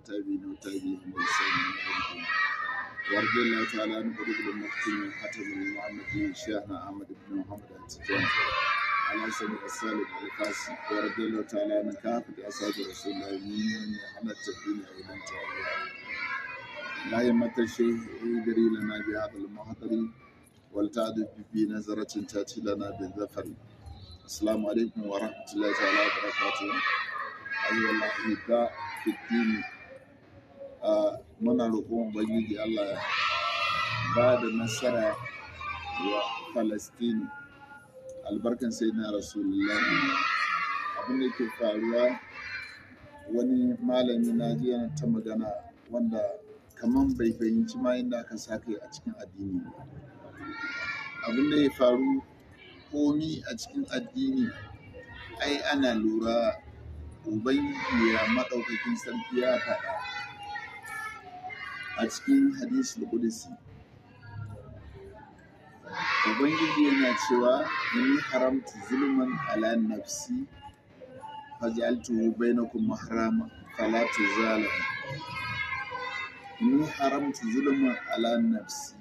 wata biyu na wata biyu mai sanya na hanyar yi wargin na tala na kudu da mafi yin hata mai muhammadu yin shi na ahmadu bin a cikin ala da alfasi wargin na tala na kafa da asa da rasu na hana tafi na yi nan tawaye yi mata shi yi gari na na biya da mahadari walta da bibi na zaracin tati da na bin zafari السلام عليكم ورحمة الله تعالى وبركاته أيها الأحبة في muna roƙon ubangiji Allah ba da nasara wa Falastini albarkan sai na rasulullahi abin da ke faruwa wani malami na jiya ta magana wanda kamar bai fahimci ma inda aka sa kai a cikin addini abin da ya faru komi a cikin addini ai ana lura ubangiji ya maɗaukakin sarki ya faɗa a cikin hadisul qudsi ubangiji yana cewa inni haramtu zulman ala nafsi fajaltuhu bainakum muharrama fala tuzalamu inni haramtu zulman ala nafsi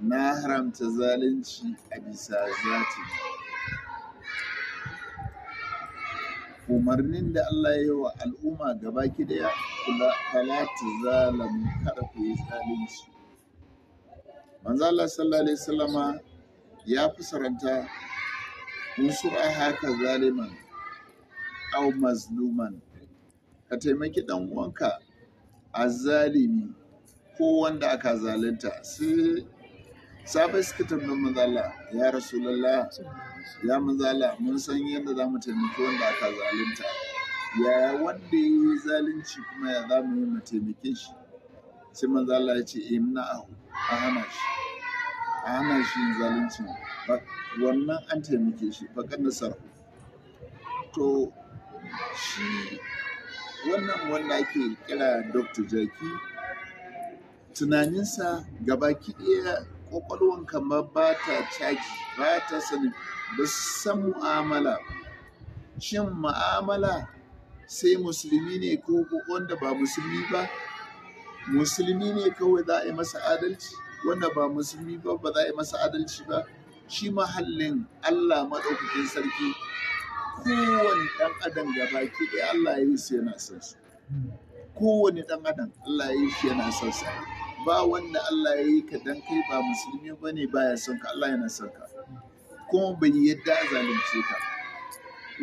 na haramta zalunci a bisa zati umarnin da Allah ya yi wa al'umma gaba ki daya falati zalamu kada ku yi zalunci manzo Allah sallallahu alaihi wasallama ya fusaranta in su a haka zaliman au mazluman ka taimaki dan uwanka azzalimi ko wanda aka zalunta sai sabai suka tambayi manzala ya rasulullah ya manzala mun san yadda za mu taimaki wanda aka zalunta yaya wanda ya yi zalunci kuma ya za mu yi mu taimake shi sai manzo Allah ya ce eh muna a hana shi a hana shi zalunci wannan an taimake shi kan nasar to shi wannan wanda ake kira Dr. Jaki tunaninsa ki iya kwakwalwan kamar ba ta caji ba ta sanin ba san mu'amala shin mu'amala sai musulmi ne ko wanda ba musulmi ba musulmi ne kawai za a yi masa adalci wanda ba musulmi ba ba za a yi masa adalci ba shi mahallin Allah maɗaukakin sarki kowane ɗan adam baki ɗaya Allah ya yi su yana son su kowane ɗan adam Allah ya yi shi yana son sa ba wanda Allah ya yi ka dan kai ba musulmi ba ne ba ya son ka Allah yana son ka kuma bai yadda a zalunce ka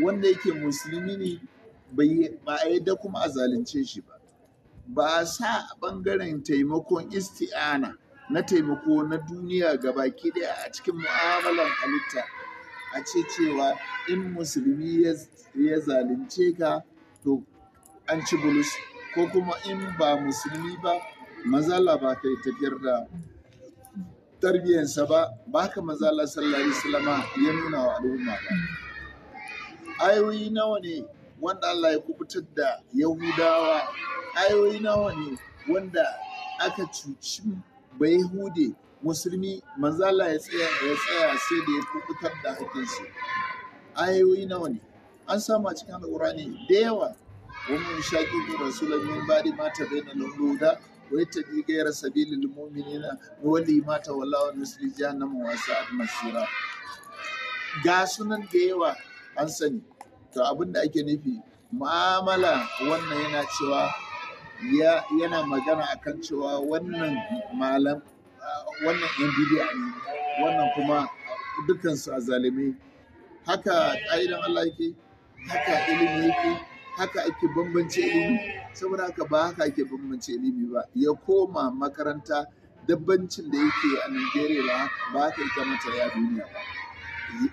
wanda yake musulmi ne ba a yadda kuma a zalunce shi ba ba a sa a ɓangaren taimakon isti'ana na taimako na duniya ga baki ɗaya a cikin mu'amalan halitta a ce cewa in musulmi ya zalunce ka to an ci bulus ko kuma in ba musulmi ba mazala ba tafiyar da tarbiyyarsa ba baka ka mazala sallari alaihi ya nuna wa al'umma ba ayoyi nawa ne wanda Allah ya kubutar da Yahudawa ayoyi nawa wanda aka cuci bai musulmi manzo Allah ya tsaya ya tsaya sai da ya kubutar da hakkin ayoyi nawa an sama cikin alqurani da yawa wani shaki ko rasulun ba da mata bai na wai wa yattabi ghayra sabilil mu'minina wa li mata wallahu muslimin jannatu wa sa'at masira ga sunan da yawa an sani to abin da ake nufi ma'amala wannan yana cewa yana magana akan cewa wannan malam wannan yan bidiya ne wannan kuma dukansu a zalimi haka ƙa'idan Allah yake haka ilimi yake haka ake bambance ilimi saboda haka ba haka ake bambance ilimi ba ya koma makaranta dabbancin da yake a Najeriya ba haka ita mata ya duniya ba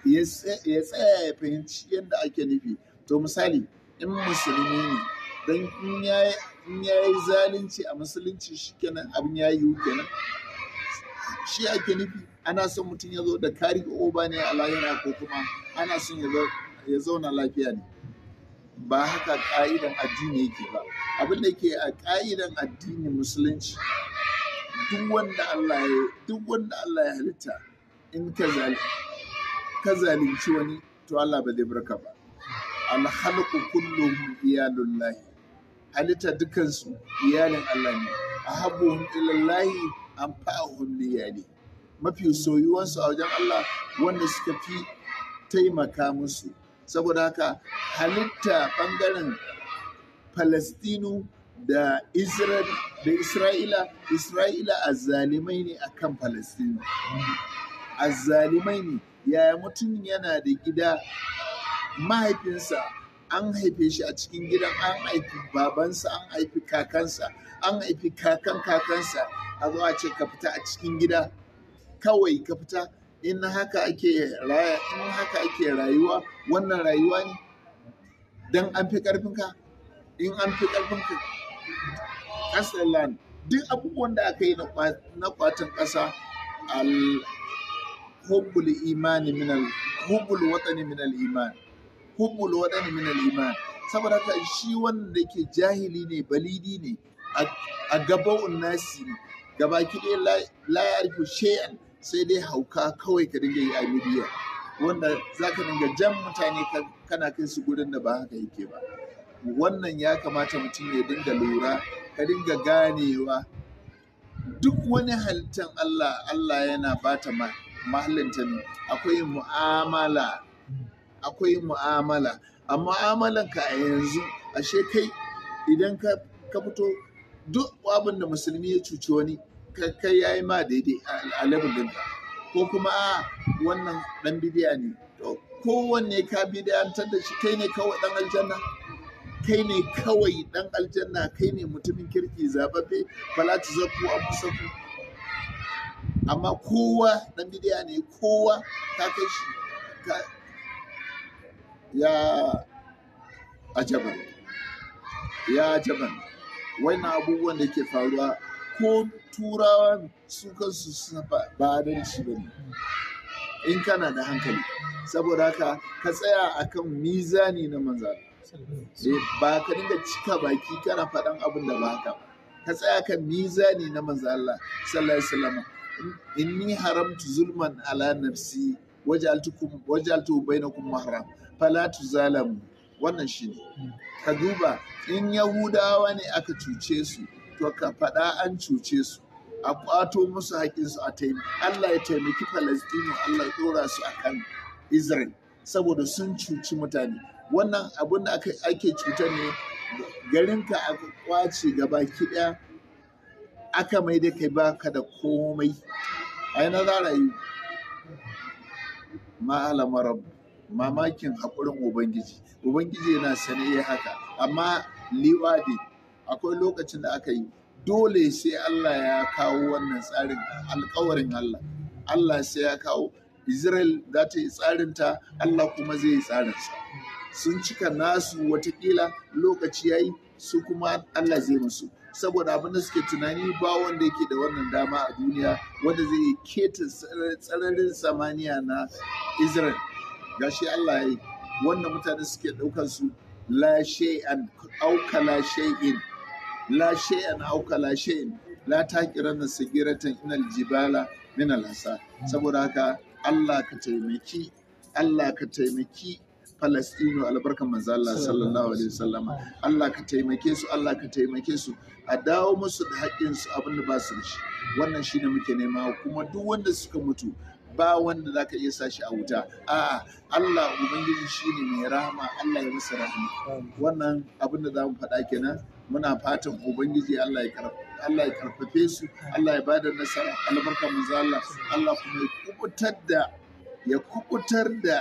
ya tsaya ya fahimci yadda ake nufi to misali in musulmi ne don in ya yi zalunci a musulunci kenan abin ya yi kenan shi ake nufi ana son mutum ya zo da kari oba ne a lahira ko kuma ana son ya zauna lafiya ne ba haka ka'idan addini yake ba abin da ke a ka'idan addinin musulunci duk wanda Allah ya halitta in ka zalunci ka zalunci wani to Allah ba zai barka ba alhalqu kulluhum halitta dukansu iyalin Allah ne ahabbuhum ilallahi an fa'ahum liyali mafi soyuwansu a wajen Allah wanda suka fi taimaka musu saboda haka halitta bangaren Falastinu da Isra'ila Isra'ila a zalimai ne akan Falastinu azzalimai ne yaya mutum yana da gida mahaifinsa an haife shi a cikin gidan an haifi babansa an haifi kakansa an haifi kakan kakansa a zo a ce ka fita a cikin gida kawai ka fita in haka ake raya rayuwa wannan rayuwa ne dan an fi karfinka in an fi karfinka kasar duk abubuwan da aka yi na kwatan ƙasa hubbul imani min al hubbul watani min al iman hubbul watani min saboda haka shi wanda ke jahili ne balidi ne a gaba nasi ne ki ɗaya la yarku shay'an sai dai hauka kawai ka dinga yi a wanda za ka dinga jan mutane kana kai su gurin da ba haka yake ba wannan ya kamata mutum ya dinga lura ka dinga ganewa duk wani halittan Allah Allah yana bata ma mahallinta ne akwai mu'amala akwai mu'amala a mu'amalanka a yanzu ashe kai idan ka fito duk abin da musulmi ya cuci wani kai ya yi ma daidai a level ko kuma a wannan dan bidiya ne kowanne ka bidiyantar da shi kai ne kawai ɗan aljanna kai ne kawai dan aljanna kai ne mutumin kirki zababbe fala a zaku amma kowa dan bidiya ne kowa ta kai shi ya ajaban ya ajaban na abubuwan da ke faruwa ko turawa su kansu suna ba da shi ba ne in kana da hankali saboda haka ka tsaya akan mizani na manzan eh, ba ka dinga cika baki kana faɗan abin da ba ka ka tsaya kan mizani na manzan Allah sallallahu alaihi wasallam inni haramtu zulman ala nafsi wajaltukum wajaltu bainakum mahram fala tuzalamu wannan shine ka duba in yahudawa ne aka cuce su to ka faɗa an cuce su a kwato musu haƙinsu a taimaki Allah ya taimaki Falastinu Allah ya ɗora su a kan Israel saboda sun cuci mutane wannan abin da ake cutar ne garinka aka kwace gaba kiɗa aka mai da kai baka da komai ai na za rayu ma'alama rabu mamakin haƙurin ubangiji ubangiji yana sane ya haka amma liwadi akwai lokacin da aka yi dole sai allah ya kawo wannan tsarin alkawarin allah allah sai ya kawo israel za ta yi ta, allah kuma zai yi tsarinsa sun cika nasu watakila lokaci ya yi su kuma Allah zai musu saboda abin da suke tunani ba wanda yake da wannan dama a duniya wanda zai keta tsararin samaniya na Israel shi Allah ya yi wannan mutane suke ɗaukar su lashe shay'an auka lashe in la shay'an auka la ta la na sagiratan inal jibala min saboda haka Allah ka taimaki Allah ka taimaki Falastino albarkan manzo Allah sallallahu alaihi wasallam Allah ka taimake su Allah ka taimake su a dawo musu da haƙƙin su abin da ba su da shi wannan shine muke nema kuma duk wanda suka mutu ba wanda zaka iya sa shi a wuta a'a Allah ubangiji shine mai rahama Allah ya masa rahama wannan abin da za mu faɗa kenan muna fatan ubangiji Allah ya karfa Allah ya karfafe su Allah ya bada nasara albarka manzo Allah Allah kuma ya kubutar da ya kubutar da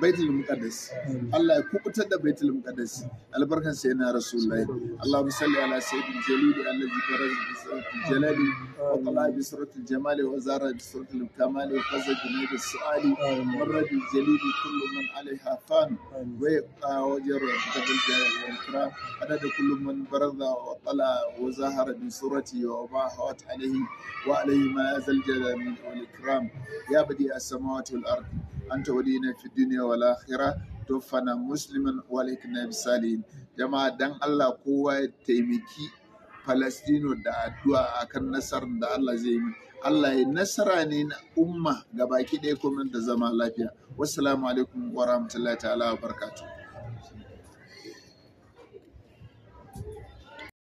baitul muqaddas Allah ya kubutar da baitul muqaddas albarkan sa yana rasulullahi Allahumma salli ala sayyidil jalil alladhi faraja bi sirril jalal wa tala bi sirril jamal wa zara bi sirril kamal wa qaza bi su'ali marra bi jalil kullu man alaiha fan wa yaqawajir bil jalal wal ikram adada kullu man barza wa tala wa zahara bi surati wa bahawat Alayhi, wa Alayhi, ma zal jalal wal ikram ya badi as-samawati wal ardh duniya ولينا في الدنيا والآخرة walik مسلما والحقنا jamaa dan allah kowa ya taimaki Falastino da addu'a akan nasarar da Allah zai yi. Allah ya nasara ne na umma ga baki ɗaya komen da zama lafiya. Wassalamu alaikum wa rahmatullahi ta'ala wa barakatuh.